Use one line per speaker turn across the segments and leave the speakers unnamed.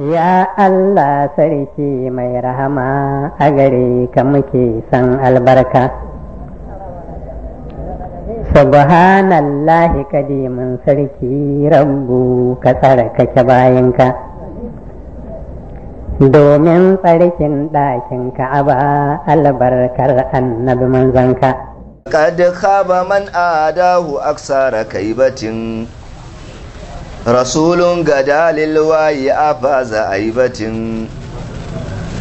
Ya Allah sarki mai rahama a gare ka muke san albarka. Subhanallahi kadimin sarki rabbu ka tsara ke bayanka. Domin tsarkin ɗakin ka'aba albarkar annabi manzanka.
Kad khaba man adahu aksara kaibatin. rasulun gada lilwayi a faza aibatin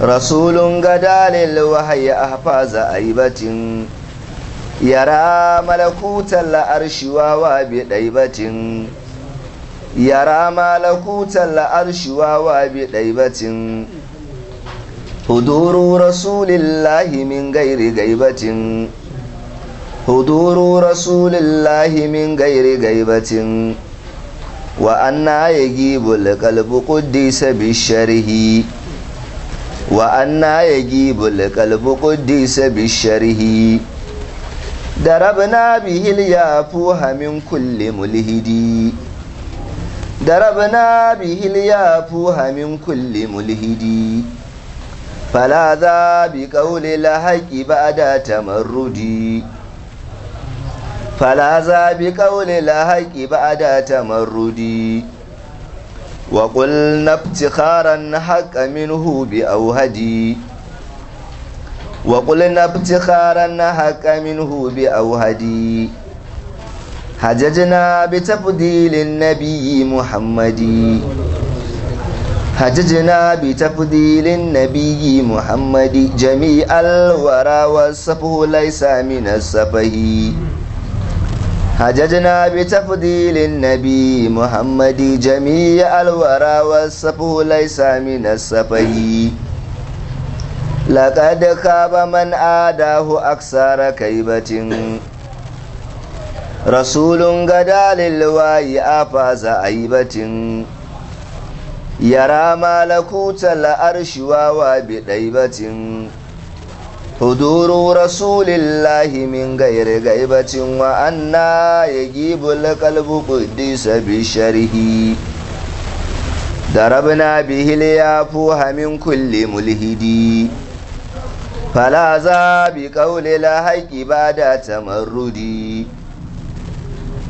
rasulun gada wahayi a faza aibatin yara malakutan la'arshiwa wa bi ɗaibatin yara malakutan la'arshiwa wa bi ɗaibatin huduru rasulillahi min gairi gaibatin huduru rasulillahi min gairi gaibatin wa anna ya gi kalbu kuddisa bi sharhi wa anna ya gi kalbu kuddisa bi sharhi darabna bihi yafu ha min kulli mulhidi darabna bihi yafu ha min kulli mulhidi fala za bi qawli la haqi ba'da tamarrudi فلا بقول الحق بعد تمردي وقلنا ابتخارا حق منه بأوهدي وقلنا ابتخارا حق منه بأوهدي حججنا بتفضيل النبي محمد حججنا بتفضيل النبي محمد جميع الورى والصفه ليس من السفه هججنا بتفضيل النبي محمد جميع الورى والسفه ليس من السفه لقد خاب من آداه أكثر كيبة رسول غدا للواي أفاز عيبة يرى ملكوت الأرش وهو بطيبة huduru rasulillahi min gairi gaibacin wa anna ya gibu lakalbu kudisa bisharihi darabna bihil ya fuha min kulli mulhidi fala za bi kauli la haƙi ba da tamarrudi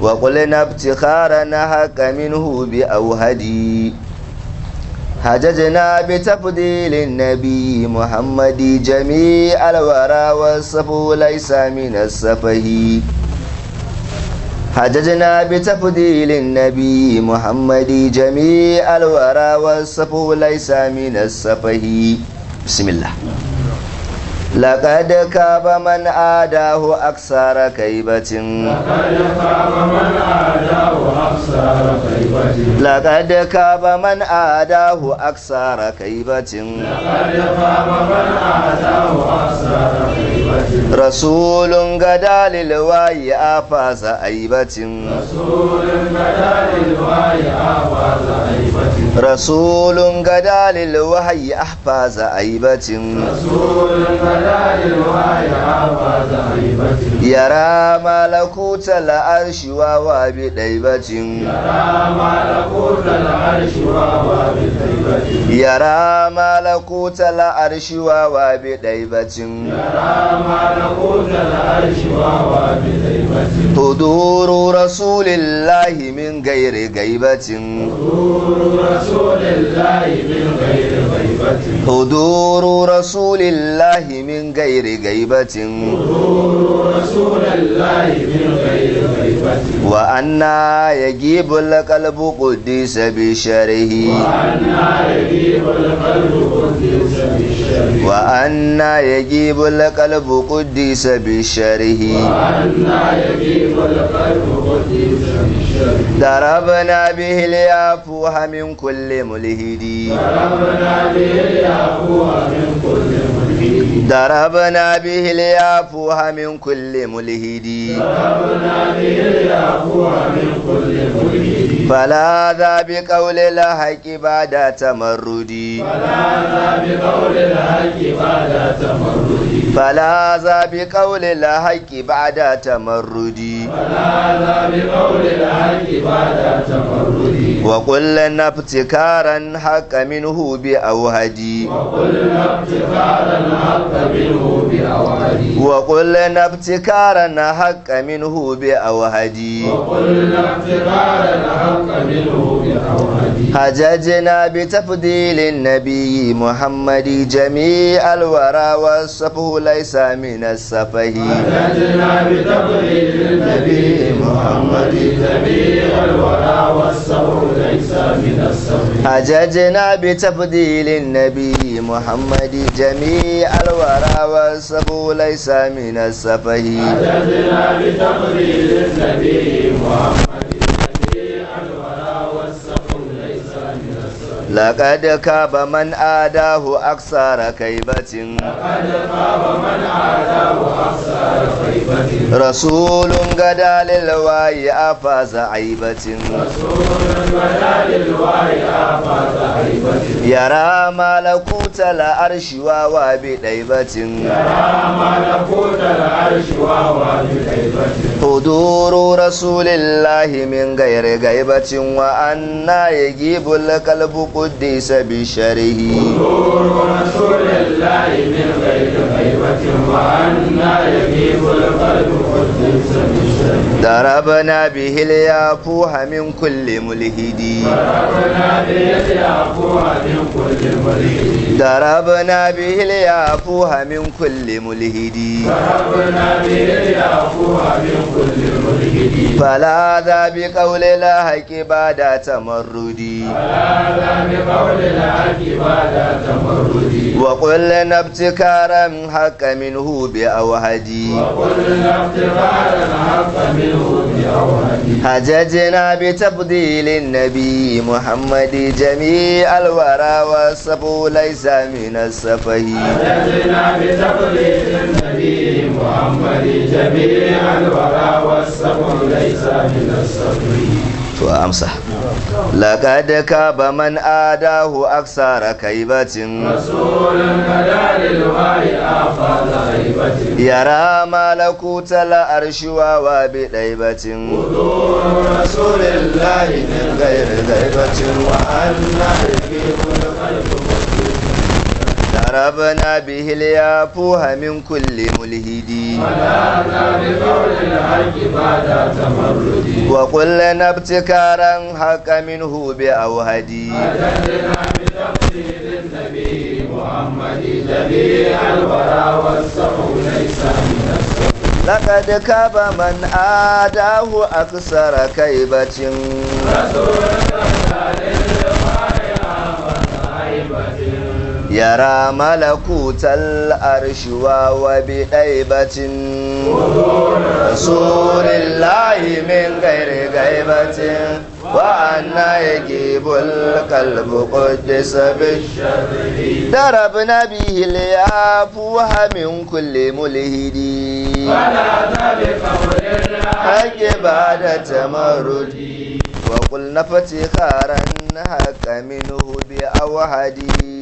wa kulina ibtikhara na haƙa minhu bi auhadi هججنا بتفضيل النبي محمد جميع الورى والصفو ليس من السفه هججنا بتفضيل النبي محمد جميع الورى والصفو ليس من السفه بسم الله لقد كاب من آداه أكثر كيبة لقد كاب من آداه أكثر كيبة لقد كاب من آداه أكثر كيبة rasulun gada lilwayi a fasa aibatin rasulun gada lilwayi a fasa aibatin rasulun gada a fasa aibatin rasulun gada lilwayi a fasa aibatin yara malakuta la'arshi wa wa bi daibatin yara malakuta la'arshi wa wa bi yara malakuta la'arshi wa wa bi daibatin yara نقود العرش وهو بهيبته حضور رسول الله من غير غيبة حضور رسول الله
من غير
غيبة حضور رسول الله من غير غيبة
حضور رسول الله من غير غيبة
وأنا يجيب القلب قديس بشره وأنا
يجيب القلب قديس بشره
وأنا يجيب القلب قديس بشره وأنا يجيب ضربنا به اليافوه من كل ملهد ضربنا به اليافوه من كل ملهد ضربنا به اليافوه من كل ملهد فلا ذا بقول الحق بعد تمردي فلا ذا بقول
الحق بعد تمردي
fala zabi ƙaule la haƙƙi ba ƙaule la haƙƙi ba da tamar rodi. لنا ابتكارا حق منه بأوهدي لنا ابتكارا حق منه بأوهدي لنا ابتكارا حق منه بأوهدي لنا
ابتكارا حق منه بأوهدي
حججنا بتفضيل النبي محمد جميع الورى والصفه ليس من السفه حججنا بتفضيل النبي محمد جميع الورى والصفه ليس بتفضيل النبي محمد جميع الورى والسبو ليس من السفه حججنا بتفضيل النبي محمد لقد كاب من آداه أكثر كيبة لقد كاب
من آداه أكثر
كيبة رسول قد للواي أفاز عيبة رسول
غدا للواي أفاز
عيبة يرى ملكوت العرش وهو بطيبة يرى ملكوت العرش وهو بطيبة حضور رسول الله من غير غيبة وأنا يجيب القلب قديس بشره حضور رسول الله من غير غيبة وأنا يجيب القلب قديس ضربنا به اليافوه من كل ملحد ضربنا به اليافوه من كل ملحد فلا ذا بقول الحق بعد تمردي وقلنا ابتكارا حق منه بأوهدي وقلنا ابتكارا حق منه حججنا بتفضيل النبي محمد جميع الورى والصفو ليس من السفه حججنا
بتفضيل النبي محمد جميع
الورى
والصفو ليس من
السفه وامسح لقد كاب من آداه أكثر كيبة رسول كدال الوحي آخذ غيبة يرى ملكوت الأرش وواب بليبة حضور رسول الله من غير غيبة وأن في وضربنا به اليافوه من كل ملهد لنا ابتكارا حق منه بأوهدي لقد كاب من آداه أكثر كيبة رسول الله يرى ملكوت الأرش وهو بغيبة رسول الله من غير غيبة وأنا يجيب القلب قدس بالشر ضربنا به الأفواه من كل ملهد فلا بقول الحق بعد تمرد وقلنا فتخارا حق منه بأوهدي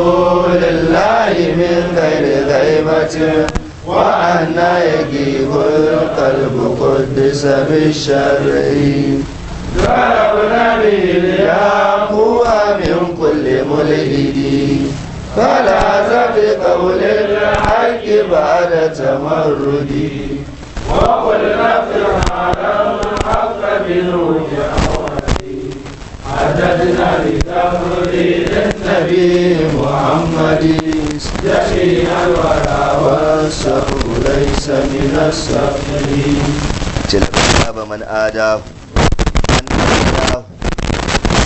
رسول الله من غير غيبة وأنا يجيب القلب قدس بالشرعين دعونا به ليقوى من كل ملحد فلا بقول الحق بعد
تمردي وقلنا في العالم الحق بنور في عورتي عددنا بتفريد النبي
محمد جميع الورى ليس من تلك من آداه من آداه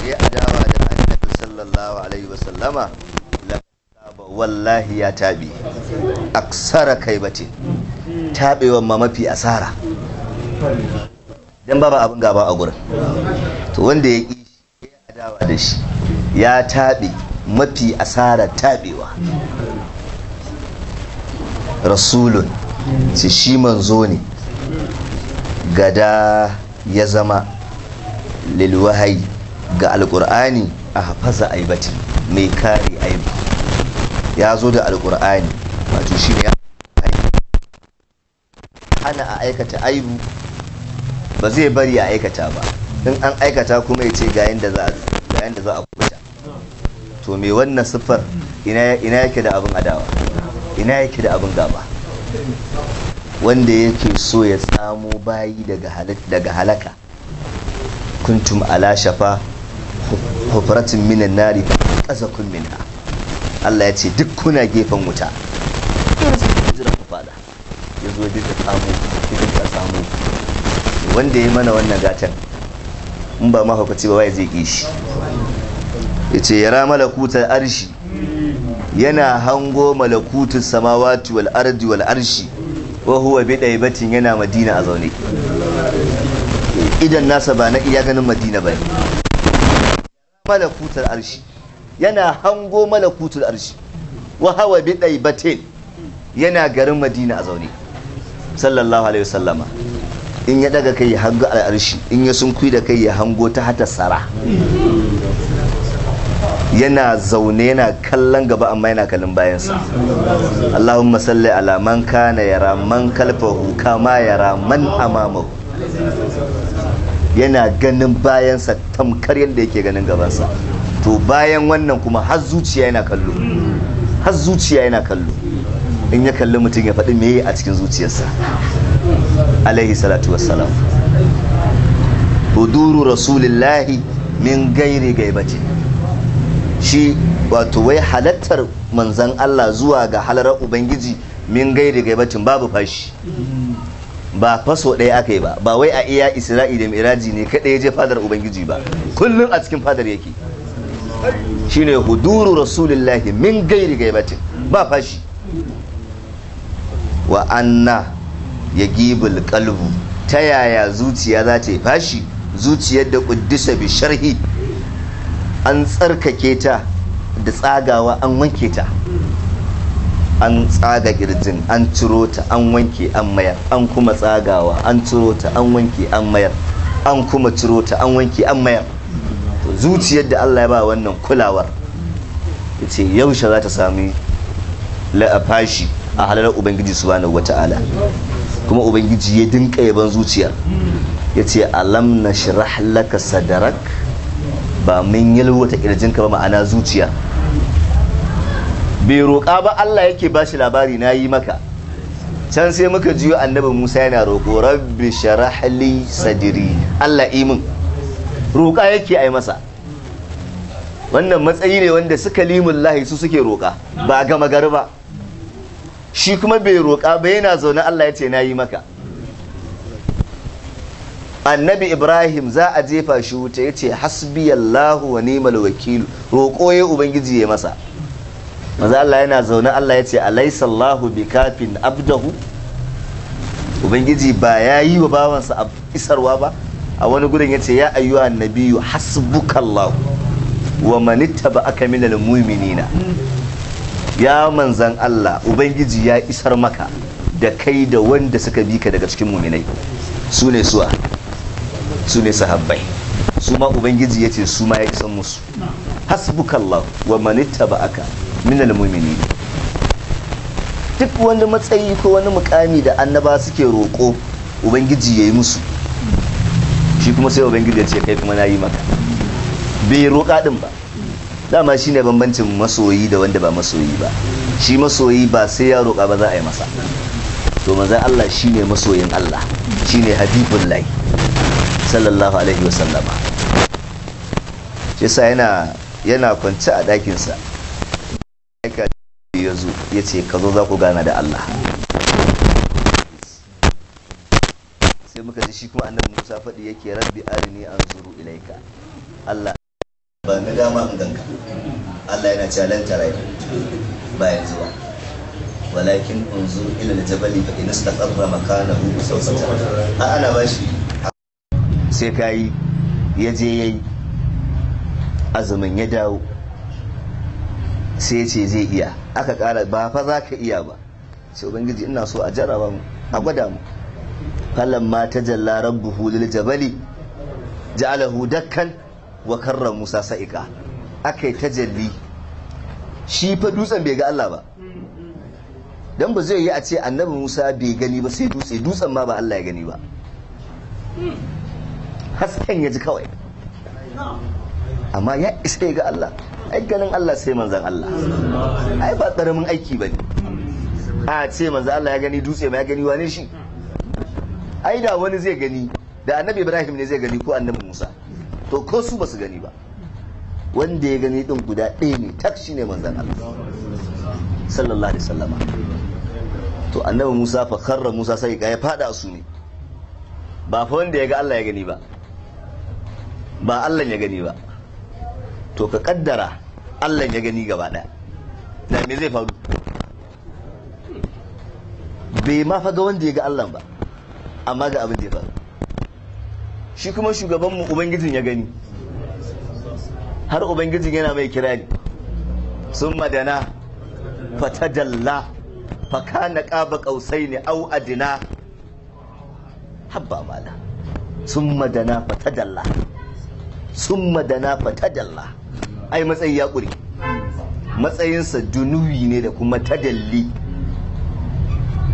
يا النبي صلى الله عليه وسلم wallahi ya tabi aksara kai bace tabewan ma mafi asara dan babu abin gaba a gurin to wanda ya ki ya adawa da shi ya tabi mafi asara tabewa rasulun ce shi manzo ne gada ya zama lilwahai ga alkur'ani a hafaza aibati mai kare aibu ya zo da alkur'ani wato shi ne ana a aikata aibu ba zai bari a aikata ba in an aikata kuma ya ce ga yadda za a to me wannan siffar ina yake da abin adawa ina yake da abin gaba wanda yake so ya samu bayi daga halaka kuntum ala shafa hufratin minan nari ƙasa kun minna. Allah ya ce duk kuna gefen wuta ya zo duk ya zo duk tsamo samu wanda ya mana wannan gatan in ba mahaukaci ba wai zai ƙi shi yace yara malakuta arshi yana hango malakutun samawati wal ardi wal arshi wa huwa bi daibatin yana madina a zaune idan nasa ba na iya ganin madina ba malakutar arshi yana hango malakutul arshi wa hawa bi daibatin yana garin madina a zaune sallallahu alaihi wasallama in ya daga kai ya hango al'arshi in ya sunkuyi da kai ya hango ta hata sara yana zaune yana kallon gaba amma yana kallon bayansa Allahumma salli ala man kana yara man kalfahu kama yara man amamahu yana ganin bayansa tamkar yadda yake ganin gabansa to bayan wannan kuma har zuciya yana kallo har zuciya yana kallo in ya kalli mutum ya faɗi me a cikin zuciyarsa alaihi salatu wassalam huduru rasulillahi min gairi gaibace shi wato wai halattar manzan Allah zuwa ga halarar ubangiji min gairi gaibatin babu fashi ba faso ɗaya aka yi ba ba wai a iya isra'i da miraji ne kaɗai ya je fadar ubangiji ba kullum a cikin fadar yake shine huduru rasulillahi min gairi gaibatin ba fashi wa anna ya gibul kalbu ta yaya zuciya za ta yi fashi zuciyar da ƙuddisa bi sharhi an tsarkake ta da tsagawa an wanke ta an tsaga girjin an ciro ta an wanke an mayar an kuma tsagawa an ciro ta an wanke an mayar an kuma ciro ta an wanke an mayar zuciyar da Allah ya ba wannan kulawar ya ce yaushe za ta sami la'afashi a halar ubangiji subhanahu wata'ala kuma ubangiji ya dinka yaban zuciyar ya ce alam na shirah laka sadarak ba mun yalwata kirjinka ba ma'ana zuciya bai roƙa ba Allah yake ba shi labari na yi maka can sai muka jiyo annabi Musa yana roƙo rabbi sharahli sadiri Allah imin roƙa yake ai masa wannan matsayi ne wanda suka limun lahi su suke roƙa ba gama gari ba shi kuma bai roƙa ba yana zaune Allah ya ce na yi maka annabi ibrahim za a jefa shi wuta ya ce hasbiyallahu wa ni'mal wakilu roƙo ya ubangiji ya masa maza Allah yana zaune Allah ya ce alaisallahu bi kafin abdahu ubangiji ba ya yi wa bawansa isarwa ba a wani gudun ya ce ya ayyuwa nabiyu hasbukallahu wa manitta ba aka minal muminina ya manzan Allah ubangiji ya isar maka da kai da wanda suka bi ka daga cikin muminai su ne suwa su ne sahabbai su ma ubangiji ya ce su ma ya isan musu hasbukallah wa manitta aka minal mu'minin duk wani matsayi ko wani mukami da annaba suke roƙo ubangiji ya yi musu shi kuma sai ubangiji ya ce kai kuma na yi maka bai roƙa ɗin ba dama shi ne bambancin masoyi da wanda ba masoyi ba shi masoyi ba sai ya roƙa ba za a yi masa to manzan Allah shi ne masoyin Allah shi ne habibun lai sallallahu alaihi wasallama sallama. sa yana yana kwance a ɗakinsa ya zo ya ce ka zo za ku gana da Allah sai muka ji shi kuma annabi Musa faɗi yake rabbi arini anzuru ilaika Allah ba ni dama in ganka Allah yana challenge rai ba yanzu ba walakin unzur ila aljabali fa inastaqarra makanahu sawfa a ana bashi sai ka yi ya je ya yi azumin ya dawo sai ce zai iya aka kara ba fa za ka iya ba sai ubangiji ina so a jaraba mu a gwada mu falan ma ta buhu rabbuhu lil jabali ja'alahu dakkan wa karra musa sa'ika aka yi tajalli shi fa dutsen bai ga Allah ba dan ba zai yi a ce annabi musa bai gani ba sai dutse dutsen ma ba Allah ya gani ba hasken ya ji kawai amma ya isa ga Allah ai ganin Allah sai manzan Allah ai ba karamin aiki ba ne. a ce manzan Allah ya gani dutse ma ya gani wane shi ai da wani zai gani da annabi Ibrahim ne zai gani ko annabi Musa to ko su ba su gani ba wanda ya gani din guda ɗaya ne tak shi ne manzan Allah sallallahu alaihi sallama to annabi Musa fa karra Musa sai ga ya fada su ne ba fa wanda ya ga Allah ya gani ba ba Allah ya gani ba to ka kaddara Allah ya gani gaba daya da me zai faru bai ma faga wanda ya ga Allah ba amma ga abin da ya faru shi kuma shugabanmu ubangijin ya gani har ubangijin yana mai kirari sun madana faka na ƙaba ƙausai ne au adina habba mala sun madana fatadalla summa da na fatadalla ai matsayi ya ƙure matsayinsa dunuwi ne da kuma tadalli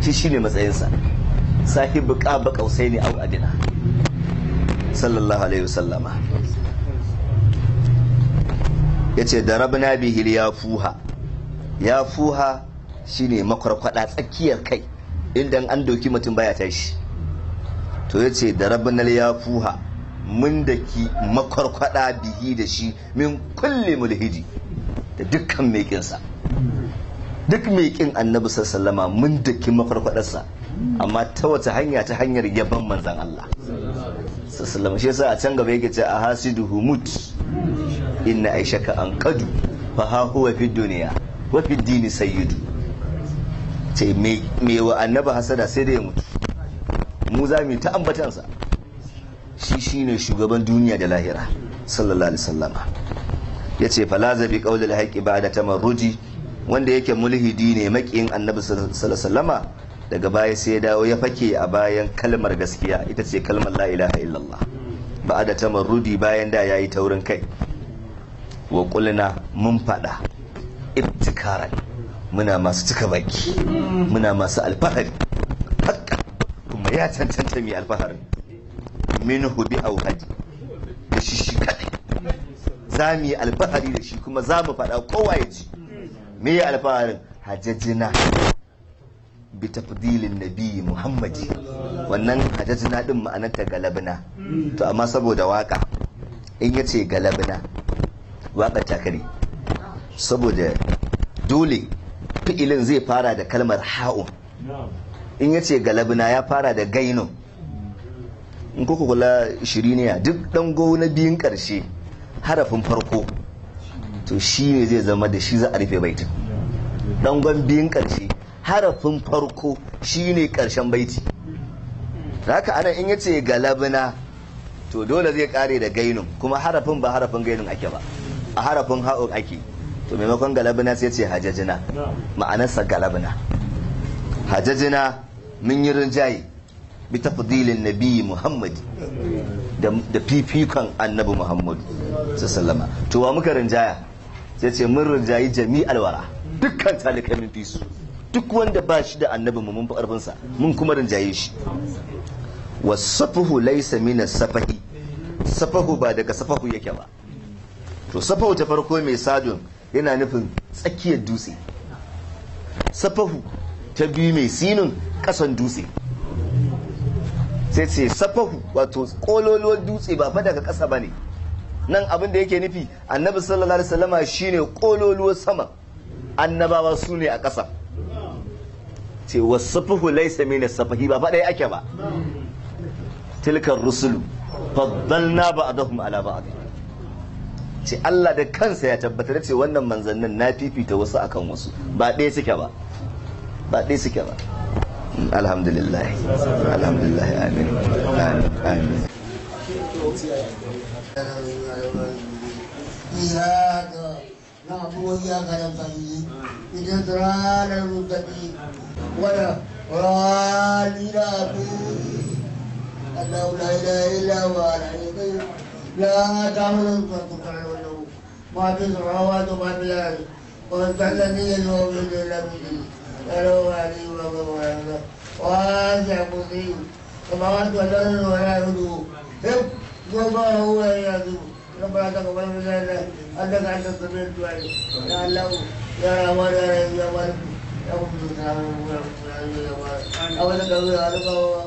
shi shine matsayinsa sahibu ƙaba ƙausai ne abu adina sallallahu alaihi wasallama ya ce da rabna bihil ya fuha ya fuha shine makwarkwada tsakiyar kai inda an doki mutum baya tashi to ya ce da rabnal ya fuha mun da ki makwarkwada bihi da shi min kulle mulhidi da dukkan mekinsa duk mekin annabi sallama mun da ki makwarkwadarsa amma ta wata hanya ta hanyar yaban manzan Allah sallama shi yasa a can gaba yake ce a hasidu humut inna aishaka an kadu fa ha huwa fi duniya wa fi dini sayyidu ce me wa annaba hasada sai da ya mutu mu za mu ta ambatansa shi shine shugaban duniya da lahira sallallahu alaihi wasallam ya ce falaza bi qaulil ba da tamarruji wanda yake mulhidi ne makiyin annabi sallallahu daga baya sai dawo ya fake a bayan kalmar gaskiya ita ce kalmar la ilaha illallah da tamarruji bayan da yayi taurin kai wa qulna mun fada ibtikaran muna masu cika baki muna masu alfahari kuma ya cancanta mai alfahari minhu bi auhadi da shi shi kadai za mu yi alfahari da shi kuma za mu faɗa kowa ya ji me ya alfaharin hajjajina bi tafdilin nabi muhammadi wannan hajjajina din ma'anarta galabina to amma saboda waka in ya ce galabina waka takari saboda dole fi'ilin zai fara da kalmar ha'un in ya ce galabina ya fara da gainun in kuka kula shiriniya duk dan gowu na biyun karshe harafin farko to shi ne zai zama da shi za a rufe baitin dan gon biyun karshe harafin farko shi ne karshen baiti haka ana in yace galabna to dole zai kare da gainun kuma harafin ba harafin gainun ake ba a harafin ha'o ake to maimakon galabna sai ce hajajina ma'anarsa galabna hajajina mun yi rinjaye bi tafdilin nabi da fifikon annabi muhammadu sallama to wa muka rinjaya sai ce mun rinjayi jami'al wara dukkan talikai min fi su duk wanda ba shi da annabi mu mun fi mun kuma rinjaye shi safahu laisa mina safahi safahu ba daga safahu yake ba to safahu ta farko mai sadun yana nufin tsakiyar dutse safahu ta biyu mai sinin kasan dutse sai ce safahu wato kololuwar dutse ba fa daga ƙasa bane nan abin da yake nufi annabi sallallahu alaihi wasallama shine kololuwar sama annabawa su ne a ƙasa ce wasafahu laysa min safahi ba fa ake ba tilkar rusulu faddalna ba'dahum ala ba'd ce Allah da kansa ya tabbatar ce wannan manzannin na fifita wasu akan wasu ba ɗaya suke ba ba ɗaya suke ba الحمد لله الحمد لله آمين آمين آمين
إياك نعبد وإياك نستعين اهدنا الصراط المستقيم ولا ضالين
آمين أنه لا إله إلا هو الحي لا تعمل القرآن ولا ما في السماوات وما في الأرض ومن كان الذي يدعو من دون الله ẹlọ́wọ́ àríwá gbogbo ẹ̀rọ wọ́n ṣe àkóso yìí ọba wọn tó lọ́rùn ọ̀rẹ́ àrùn o gbogbo owó ẹ̀yà tó lọ́pàá àtàkùn bá mi lẹ́lẹ́ àtàkùn àtàkùn mi tó ayé láàláwò yàrá wọn yàrá ìyá wọn yàrá wọn tó ta àwọn ọmọ ẹ̀rọ wọn àwọn ẹ̀kọ́ wọn àlùkò wọn.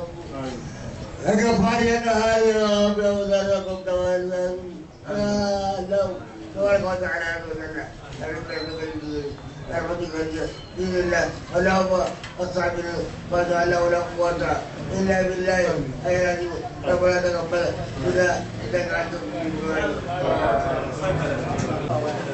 ẹ̀kọ́ fàájì ẹ̀ka ayé ọ̀bẹ ọ̀dọ́ نعوذ بدين الله ولا هو أصعب ولا لا ولا قوة إلا بالله أي العظيم ربنا تقبل بنا إنك أنت